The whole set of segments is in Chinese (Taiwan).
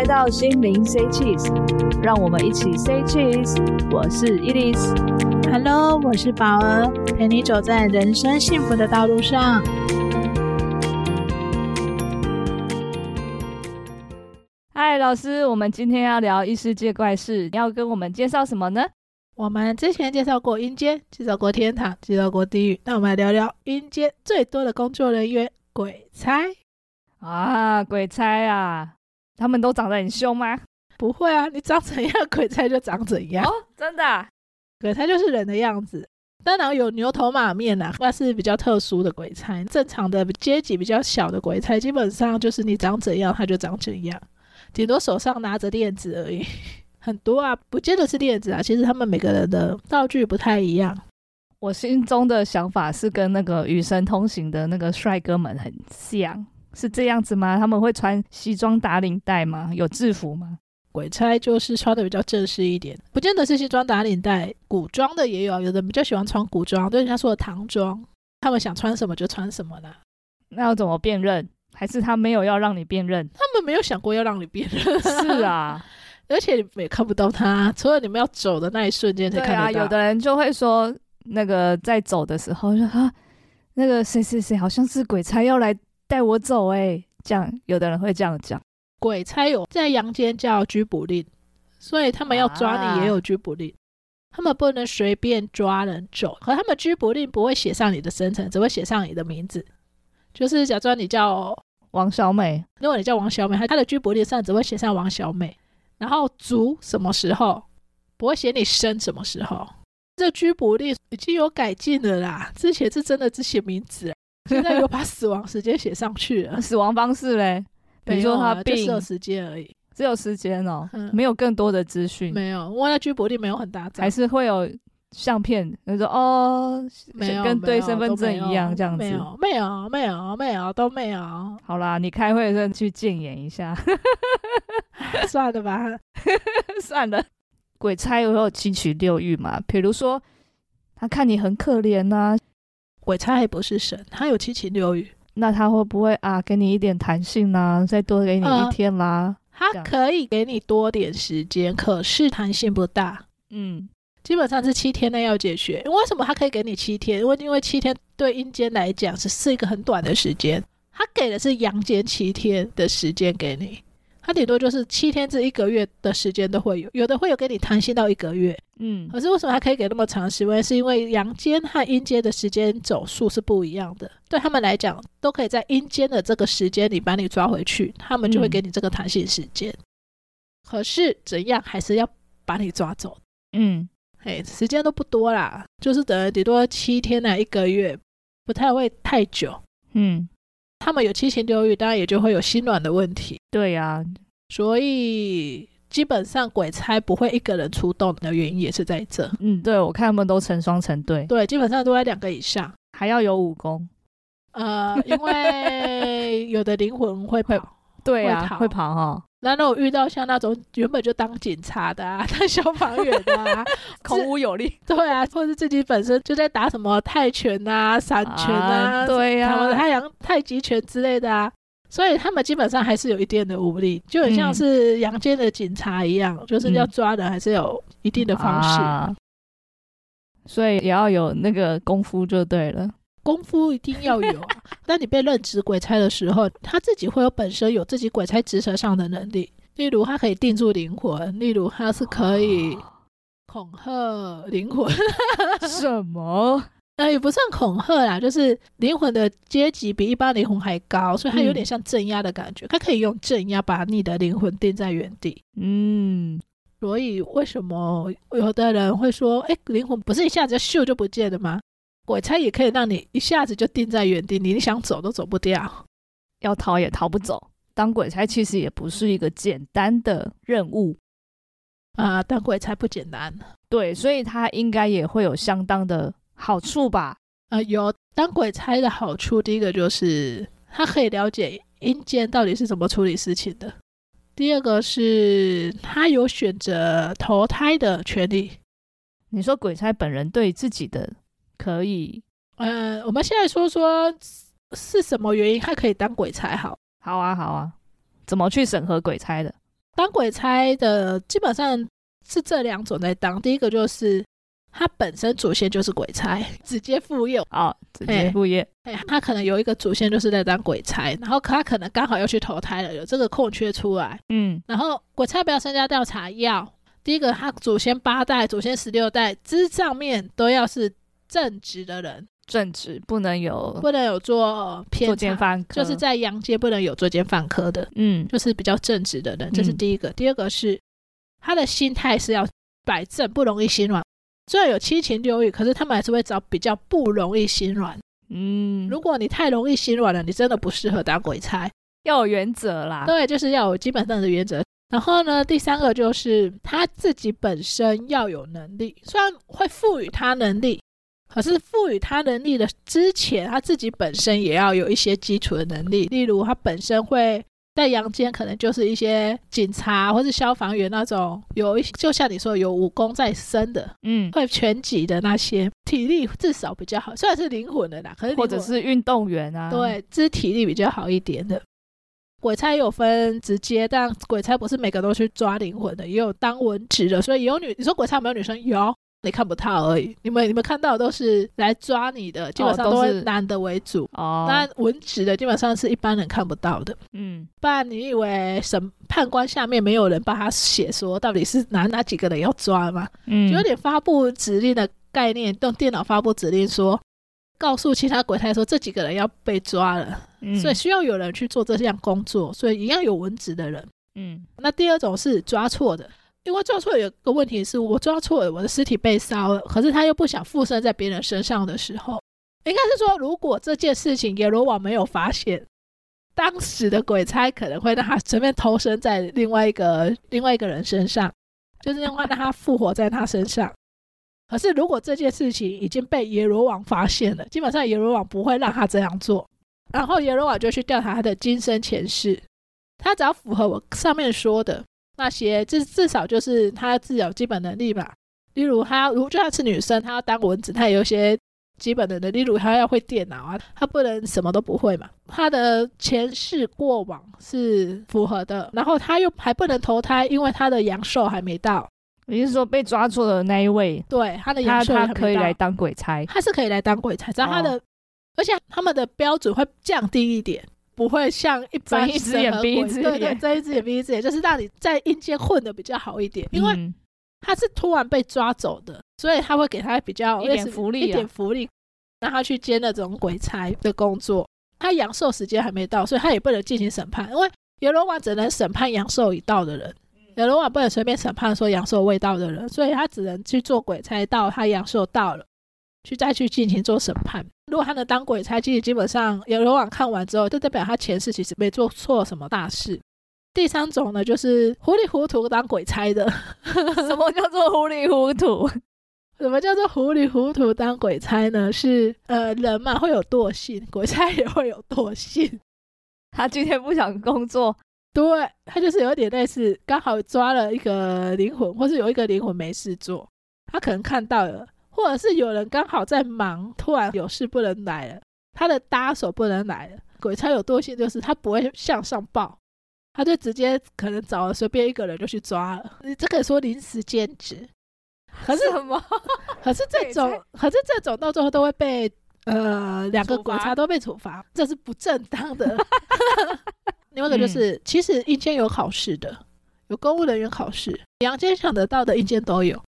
來到心靈，say cheese，讓我們一起 say cheese。我是伊莉絲，Hello，我是寶兒，陪你走在人生幸福的道路上。嗨，老師，我們今天要聊異世界怪事，你要跟我們介紹什麼呢？我們之前介紹過陰間，介紹過天堂，介紹過地獄，那我們來聊聊陰間最多的工作人員——鬼差。啊，鬼差啊！他們都長得很凶嗎？不會啊，你長怎樣，鬼差就長怎樣。哦，oh, 真的啊？鬼差就是人的樣子，當然有牛頭馬面吶、啊，那是比較特殊的鬼差。正常的階級比較小的鬼差，基本上就是你長怎樣，他就長怎樣，頂多手上拿着鏈子而已。很多啊，不見得是鏈子啊，其實他們每個人的道具不太一樣。我心中的想法是跟那個與神同行的那個帥哥們很像。是這樣子嗎？他們會穿西裝打領帶嗎？有制服嗎？鬼差就是穿的比較正式一點，不見得是西裝打領帶。古裝的也有，有的比較喜歡穿古裝，對人家說唐裝，他們想穿什麼就穿什麼了。那要怎麼辨認？還是他沒有要讓你辨認？他們沒有想過要讓你辨認。 是啊，而且你也看不到他，除了你們要走的那一瞬間、啊、才看得到。有的人就會說，那個在走的時候說啊，那個誰誰誰好像是鬼差要來。帶我走、哎、欸，這樣有的人會這樣講。鬼差有在陽間叫拘捕令，所以他們要抓你也有拘捕令，啊、他們不能隨便抓人走。可他們拘捕令不會寫上你的生辰，只會寫上你的名字，就是假裝你叫王小美。如果你叫王小美，他的拘捕令上只會寫上王小美，然後卒什麼時候不會寫你生什麼時候。這拘捕令已經有改進的啦，之前是真的只寫名字。 現在有把死亡時間寫上去了，死亡方式嘞？如、啊、說他病，有時間只有時間而已，只有時間哦，沒有更多的資訊。沒有，我那拘捕令沒有很大，還是會有相片。他、就是、說哦，沒有，跟對身份證一樣這樣子，沒有，沒有，沒有，沒有，沒有，都沒有。好啦，你開會的再去證言一下， 算了吧， 算了。鬼差有七情六欲嘛？比如說他看你很可憐吶、啊。鬼差還不是神，他有七情六欲，那他會不會啊給你一點彈性呢、啊？再多給你一天啦、啊呃？他可以給你多點時間，樣可是彈性不大。嗯，基本上是七天內要解決。為什麼他可以給你七天？因為因為七天對陰間來講是是一個很短的時間，他給的是陽間七天的時間給你。他頂多就是七天至一個月的時間都會有，有的會有給你彈性到一個月，嗯。可是為什麼還可以給那麼長時間？是因為是因為陽間和陰間的時間走速是不一樣的，對他們來講，都可以在陰間的這個時間裡把你抓回去，他們就會給你這個彈性時間。嗯、可是怎樣還是要把你抓走？嗯，誒、欸，時間都不多啦，就是等於頂多七天呢，一個月不太會太久，嗯。他們有七情六慾，當然也就會有心軟的問題。對呀、啊，所以基本上鬼差不會一個人出動的原因也是在這。嗯，對，我看他們都成雙成對。對，基本上都在兩個以上，還要有武功。呃，因為有的靈魂會跑。 對呀、啊，會，逃會跑哈、哦。難道我遇到像那種原本就當警察的啊，當消防員的啊，孔 武有力？對啊，或是自己本身就在打什麼泰拳啊、散拳啊，啊對啊，什麼太陽太極拳之類的啊，所以他們基本上還是有一定的武力，就很像是陽間的警察一樣，嗯、就是要抓人，還是有一定的方式，嗯啊、所以也要有那個功夫就對了。功夫一定要有，當你被認知鬼差的時候，他自己會有本身有自己鬼差職責上的能力，例如他可以定住靈魂，例如他是可以恐嚇靈魂。 什麼？那、呃、也不算恐嚇啦，就是靈魂的階級比一般靈魂還高，所以他有點像鎮壓的感覺。嗯、他可以用鎮壓把你的靈魂定在原地。嗯，所以為什麼有的人會說，哎、欸，靈魂不是一下子咻就不見的嗎？鬼差也可以讓你一下子就定在原地，你，你想走都走不掉，要逃也逃不走。當鬼差其實也不是一個簡單的任務，啊、呃，當鬼差不簡單。對，所以他應該也會有相當的好處吧？啊、呃，有當鬼差的好處，第一個就是他可以了解陰間到底是怎麼處理事情的，第二個是他有選擇投胎的權利。你說鬼差本人對自己的？可以，呃，我們現在說說是什麼原因他可以當鬼差好，好啊，好啊，怎麼去審核鬼差的？當鬼差的基本上是這兩種在當，第一個就是他本身祖先就是鬼差，直接附業，哦，直接附業，哎，他可能有一個祖先就是在當鬼差，然後他可能剛好要去投胎了，有這個空缺出來，嗯，然後鬼差不要身家調查要，要第一個他祖先八代，祖先十六代之上面都要是。正直的人，正直不能有不能有做偏做奸犯科，就是在陽間不能有做奸犯科的，嗯，就是比較正直的人。嗯，這是第一個，第二個是他的心態是要擺正，不容易心軟。雖然有七情六慾，可是他們還是會找比較不容易心軟。嗯，如果你太容易心軟了，你真的不適合當鬼差，要有原則啦。對，就是要有基本上的原則。然後呢，第三個就是他自己本身要有能力，雖然會賦予他能力。可是賦予他能力的之前，他自己本身也要有一些基礎的能力，例如他本身會在陽間可能就是一些警察或是消防員那種，有一些就像你說有武功在身的，嗯，會拳擊的那些體力至少比較好，雖然是靈魂的啦，可是或者是運動員啊，對，就是體力比較好一點的。鬼差也有分直接，但鬼差不是每個都去抓靈魂的，也有當文職的，所以有女，你說鬼差有沒有女生？有。你看不到而已，你們你們看到的都是來抓你的，基本上都是男的為主哦。哦，但文職的基本上是一般人看不到的，嗯。不然你以為審判官下面沒有人幫他寫，說到底是哪哪幾個人要抓嗎？嗯。就有點發布指令的概念，用電腦發布指令說，告訴其他鬼差說這幾個人要被抓了，嗯，所以需要有人去做這項工作，所以一樣有文職的人。嗯。那第二種是抓錯的。因為抓錯有個問題是我抓錯了，我的屍體被燒了。可是他又不想附身在別人身上的時候，應該是說，如果這件事情閻羅王沒有發現，當時的鬼差，可能會讓他隨便投生在另外一個另外一個人身上，就是讓讓他復活在他身上。可是如果這件事情已經被閻羅王發現了，基本上閻羅王不會讓他這樣做。然後閻羅王就去調查他的今生前世，他只要符合我上面說的。那些至至少，就是他自有基本能力吧，例如他如就算是女生，她要當蚊子，她也有些基本的能力，例如她要會電腦啊，她不能什麼都不會嘛。她的前世過往是符合的，然後她又還不能投胎，因為她的陽壽還沒到，也就是說被抓住的那一位，對，她的陽壽還沒到。她可以來當鬼差，她是可以來當鬼差，只要她的、哦、而且他們的標準會降低一點。不會像一般一隻眼閉一隻眼，對對，睜一隻眼閉一隻眼， 就是讓你在陰間混得比較好一點。因為，他是突然被抓走的，所以他會給他比較類似一點福利，啊，一點福利，讓他去接那種鬼差的工作。他陽壽時間還沒到，所以他也不能進行審判，因為閻羅王只能審判陽壽已到的人，閻羅王不能隨便審判說陽壽未到的人，所以他只能去做鬼差到他陽壽到了。去再去進行做審判，如果他能當鬼差，其實基本上有人網看完之後，就代表他前世其實沒做錯什麼大事。第三種呢，就是糊里糊塗當鬼差的。什麼叫做糊里糊塗？ 什麼叫做糊里糊塗當鬼差呢？是呃，人嘛，會有惰性，鬼差也會有惰性。他今天不想工作，對，他就是有點類似，剛好抓了一個靈魂，或是有一個靈魂沒事做，他可能看到了。或者是有人剛好在忙，突然有事不能來了，他的搭手不能來了。鬼差有多些就是他不會向上報，他就直接可能找了隨便一個人就去抓了。你這可以說臨時兼職，可是,是什麼？可是這種，對可是這種到最後都會被呃兩個鬼差都被處罰，處罰這是不正當的。 另外一個就是，嗯、其實陰間有考試的，有公務人員考試，陽間想得到的陰間都有。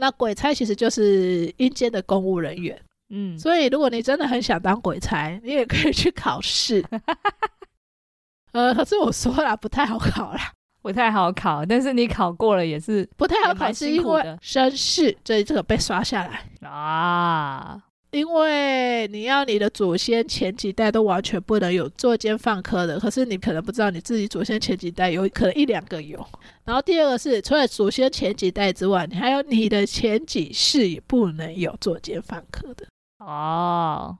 那鬼差其實就是陰間的公務人員，嗯，所以如果你真的很想當鬼差，你也可以去考試， 呃，可是我說啦，不太好考啦，不太好考，但是你考過了也是不太好考，是因為身世，所以這個被刷下來啊，因為你要你的祖先前幾代都完全不能有作奸犯科的，可是你可能不知道你自己祖先前幾代有可能一兩個有。然後第二個是，除了祖先前幾代之外，你還有你的前幾世也不能有作奸犯科的哦。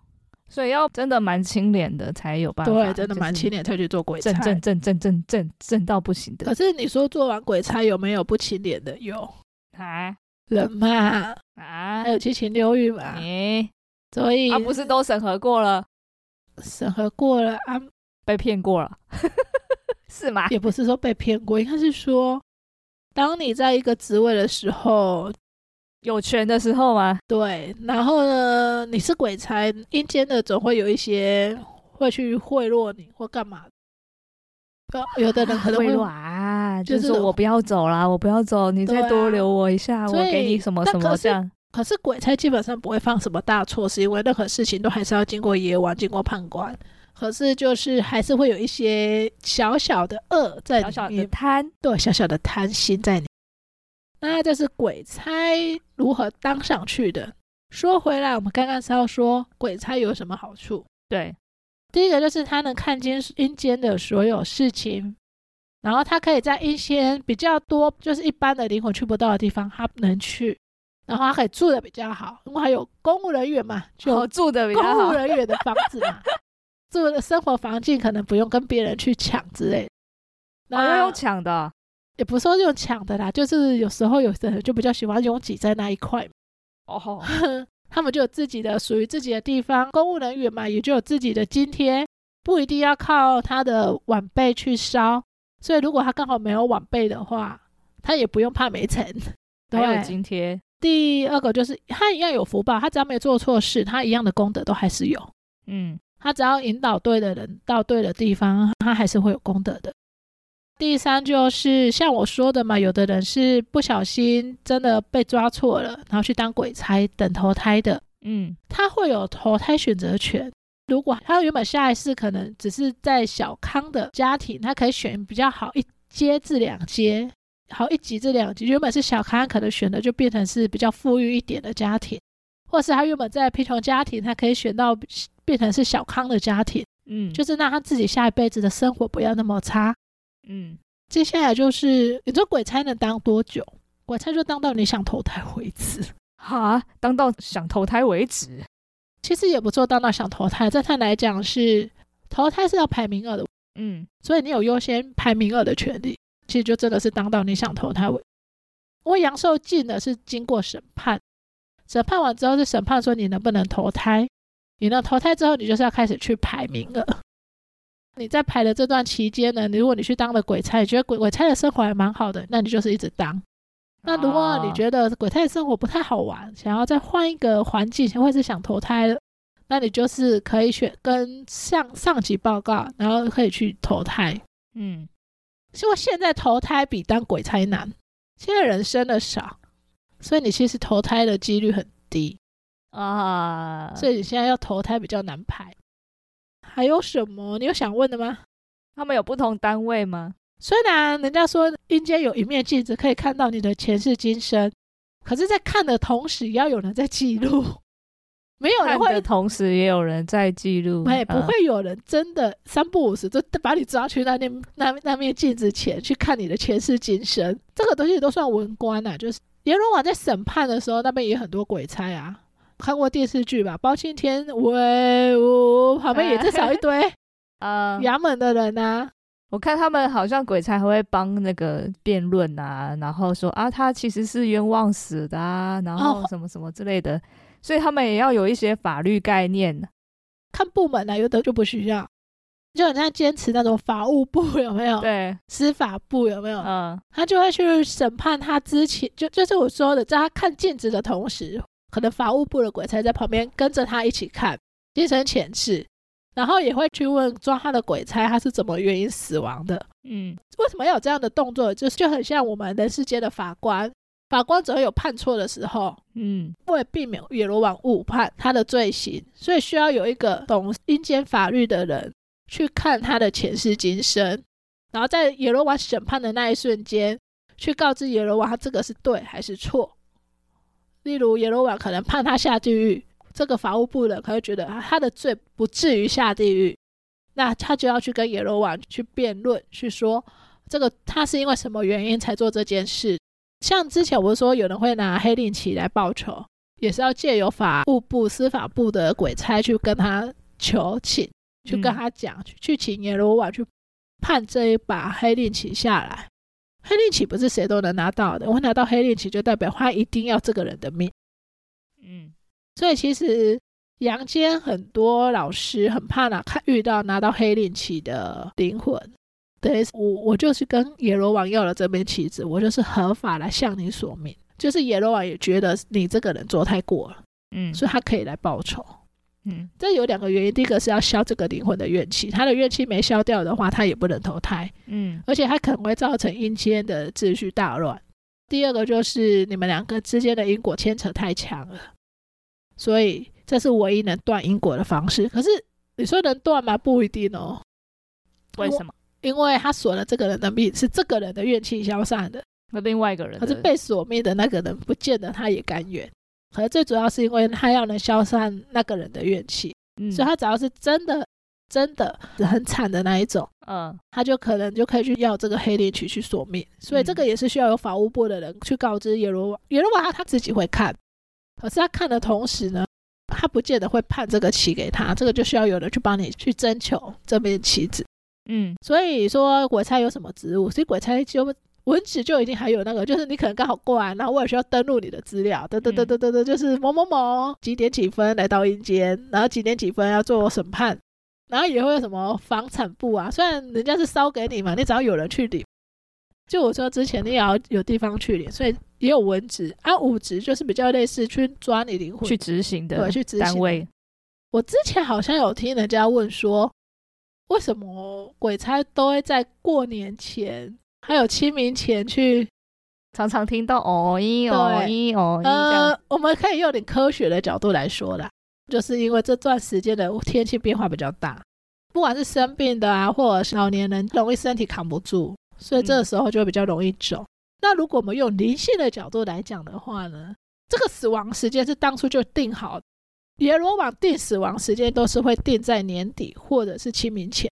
所以要真的蠻清廉的才有辦法，對，真的蠻清廉才去做鬼差，正正正正正正正到不行的。可是你說做完鬼差有沒有不清廉的？有啊，人嘛啊，還有七情六欲嘛，誒。所以他，啊，不是都審核過了，審核過了啊，被騙過了， 是嗎？也不是說被騙過，應該是說，當你在一個職位的時候，有權的時候啊，對。然後呢，你是鬼差，陰間的總會有一些會去賄賂你或幹嘛。有的人可能會啊，啊就是，就是我不要走啦，我不要走，你再多留我一下，啊，我給你什麼什麼這樣。可是鬼差基本上不會犯什麼大錯，是因為任何事情都還是要經過閻王、經過判官。可是就是還是會有一些小小的惡在，小小的貪，對，小小的貪心在。那就是鬼差如何當上去的。說回來，我們剛剛是要說鬼差有什麼好處？對，第一個就是他能看見陰間的所有事情，然後他可以在一些比較多，就是一般的靈魂去不到的地方，他能去。然後他可以住的比較好，因為還有公務人員嘛，就住的比較好。公務人員的房子嘛，哦、住的 生活環境可能不用跟別人去搶之類的。那、哦、要用搶的、哦，也不是說用搶的啦，就是有時候有人就比較喜歡擁擠在那一塊。哦吼， 他們就有自己的屬於自己的地方。公務人員嘛，也就有自己的津貼，不一定要靠他的晚輩去燒。所以如果他剛好沒有晚輩的話，他也不用怕沒成，都有津貼。第二個就是他一樣有福報，他只要沒做錯事，他一樣的功德都還是有。嗯，他只要引導對的人到對的地方，他還是會有功德的。第三就是像我說的嘛，有的人是不小心真的被抓錯了，然後去當鬼差等投胎的。嗯，他會有投胎選擇權。如果他原本下一次可能只是在小康的家庭，他可以選比較好一階至兩階，好一集，這兩集原本是小康，可能選的就變成是比較富裕一點的家庭，或是他原本在貧窮家庭，他可以選到變成是小康的家庭，嗯，就是讓他自己下一輩子的生活不要那麼差，嗯。接下來就是，你說鬼差能當多久？鬼差就當到你想投胎為止，好，當到想投胎為止。其實也不錯，當到想投胎，在他來講是投胎是要排名額的，嗯，所以你有優先排名額的權利。其實就真的是當到你想投胎，因為陽壽盡呢，是經過審判，審判完之後是審判說你能不能投胎。你能投胎之後，你就是要開始去排名了。你在排的這段期間呢，如果你去當了鬼差，覺得鬼鬼差的生活還蠻好的，那你就是一直當。那如果你覺得鬼差的生活不太好玩，想要再換一個環境，或者是想投胎，那你就是可以選跟上上級報告，然後可以去投胎。嗯。所以我現在投胎比當鬼才鬼差難，現在人生的少，所以你其實投胎的幾率很低啊。Uh, 所以你現在要投胎比較難排。還有什麼？你有想問的嗎？他們有不同單位嗎？雖然人家說陰間有一面鏡子可以看到你的前世今生，可是，在看的同時，要有人在記錄。沒有人會，同時也有人在記錄。沒，不會有人、呃、真的三不五時就把你抓去那面那那面鏡子前去看你的前世今生。這個東西都算文官吶、啊，就是閻羅王在審判的時候，那邊也很多鬼差啊。看過電視劇吧，《包青天》威武、呃，旁邊也至少一堆啊、哎，呃、衙門的人吶、啊。我看他們好像鬼差還會幫那個辯論吶、啊，然後說啊，他其實是冤枉死的，啊，然後什麼什麼之類的。哦所以他們也要有一些法律概念，看部門的有的就不需要，就很像堅持那種法務部有沒有？對，司法部有沒有？嗯，他就會去審判他之前，就就是我說的，在他看鏡子的同時，可能法務部的鬼差在旁邊跟着他一起看精神前世，然後也會去問抓他的鬼差他是怎麼原因死亡的？嗯，為什麼要有這樣的動作？就是就很像我們人世間的法官。法官只會有判錯的時候，嗯，為避免閻羅王誤判他的罪行，所以需要有一個懂陰間法律的人去看他的前世今生，然後在閻羅王審判的那一瞬間，去告知閻羅王他這個是對還是錯。例如，閻羅王可能判他下地獄，這個法務部的人可能覺得他的罪不至於下地獄，那他就要去跟閻羅王去辯論，去說這個他是因為什麼原因才做這件事。像之前我是說，有人會拿黑令旗來報仇，也是要借由法務部、司法部的鬼差去跟他求情，去跟他講，嗯、去，去請閻羅王去判這一把黑令旗下來。黑令旗不是誰都能拿到的，我拿到黑令旗就代表他一定要這個人的命。嗯，所以其實陽間很多老師很怕呢，遇到拿到黑令旗的靈魂。等於我，我就是跟閻羅王要了這枚棋子，我就是合法來向你索命。就是閻羅王也覺得你這個人做太過了，嗯，所以他可以來報仇，嗯。這有兩個原因：第一個是要消這個靈魂的怨氣，他的怨氣沒消掉的話，他也不能投胎，嗯。而且他可能會造成陰間的秩序大亂。第二個就是你們兩個之間的因果牽扯太強了，所以這是唯一能斷因果的方式。可是你說能斷嗎？不一定哦。為什麼？因為他索了這個人的命，是這個人的怨氣消散的。那另外一個人，可是被索命的那個人，不見得他也甘願。可是最主要是因為他要能消散那個人的怨氣，嗯、所以他只要是真的、真的很慘的那一種，嗯，他就可能就可以去要這個黑令旗去索命。所以這個也是需要有法務部的人去告知閻羅、閻羅王，嗯、閻羅王他，他自己會看。可是他看的同時呢，他不見得會判這個旗給他，這個就需要有人去幫你去徵求這面旗子。嗯，所以說鬼差有什麼職務？所以鬼差就文職就已經還有那個，就是你可能剛好過完，然後我也需要登錄你的資料，等等等等等等，就是某某某幾點幾分來到陰間，然後幾點幾分要做審判，然後也會有什麼房產部啊，雖然人家是燒給你嘛，你只要有人去領，就我說之前你也要有地方去領，所以也有文職，啊，武職就是比較類似去抓你靈魂去執行的單位。對，去執行的。我之前好像有聽人家問說。為什麼鬼差都會在過年前還有清明前去？常常聽到哦一哦一哦一、呃、這樣，我們可以用點科學的角度來說啦，就是因為這段時間的天氣變化比較大，不管是生病的啊，或是老年人容易身體扛不住，所以這個時候就會比較容易走。嗯、那如果我們用靈性的角度來講的話呢，這個死亡時間是當初就定好的。閻羅王定死亡時間都是會定在年底或者是清明前，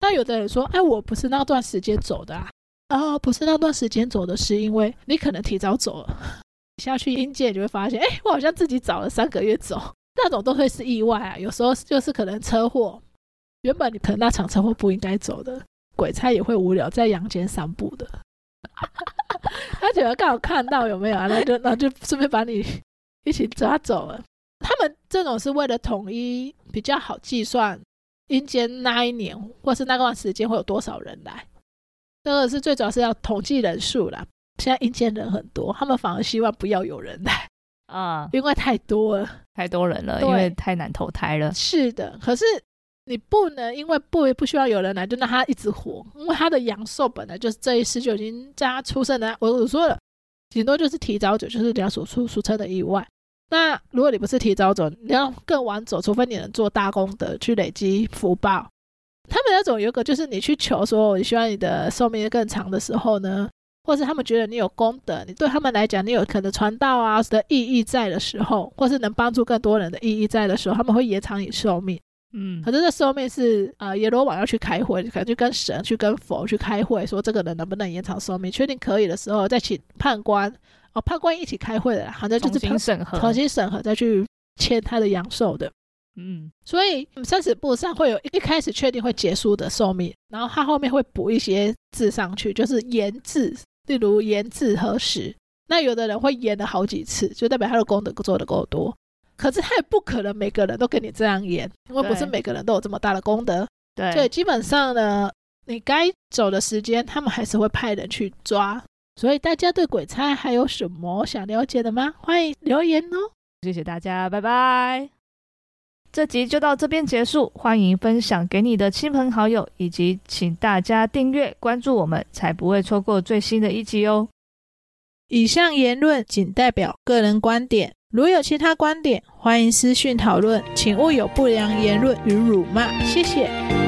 那有的人說：“哎，我不是那段時間走的啊！”哦，不是那段時間走的是，因為你可能提早走了。下去陰界，你就會發現：“哎，我好像自己早了三個月走。”那種都會是意外啊。有時候就是可能車禍，原本你可能那場車禍不應該走的，鬼差也會無聊在陽間散步的，他覺得剛好看到有沒有啊？那就那就順便把你一起抓走了。他們這種是為了統一比較好計算陰間那一年或是那段時間會有多少人來，這個是最主要是要統計人數啦。現在陰間人很多，他們反而希望不要有人來啊，嗯、因為太多了，太多人了，對因為太難投胎了。是的，可是你不能因為不不需要有人來就讓他一直活，因為他的陽壽本來就是這一世就已經在他出生的，我我說了，頂多就是提早走，就是兩所出俗稱的意外。那如果你不是提早走，你要更晚走，除非你能做大功德去累積福報。他們那種有個就是你去求說，我希望你的壽命更長的時候呢，或是他們覺得你有功德，你對他們來講你有可能傳道啊的意義在的時候，或是能幫助更多人的意義在的時候，他們會延長你壽命。嗯，可是這壽命是啊、呃，閻羅王要去開會，你可能就跟神去跟佛去開會，說這個人能不能延長壽命，確定可以的時候，再請判官。哦，判官一起開會了，好像就是重審核，重新審核再去簽他的陽壽的。嗯，所以生死簿上會有一,一開始確定會結束的壽命，然後他後面會補一些字上去，就是延至，例如延至何時。那有的人會延了好幾次，就代表他的功德做得夠多。可是他也不可能每個人都跟你這樣延，因為不是每個人都有這麼大的功德。對，所以基本上呢，你該走的時間，他們還是會派人去抓。所以大家對鬼差還有什麼想了解的嗎？歡迎留言哦！謝謝大家，拜拜。這集就到這邊結束，歡迎分享給你的親朋好友，以及請大家訂閱關注我們，才不會錯過最新的一集哦。以上言論僅代表個人觀點，如有其他觀點，歡迎私訊討論，請勿有不良言論與辱罵，謝謝。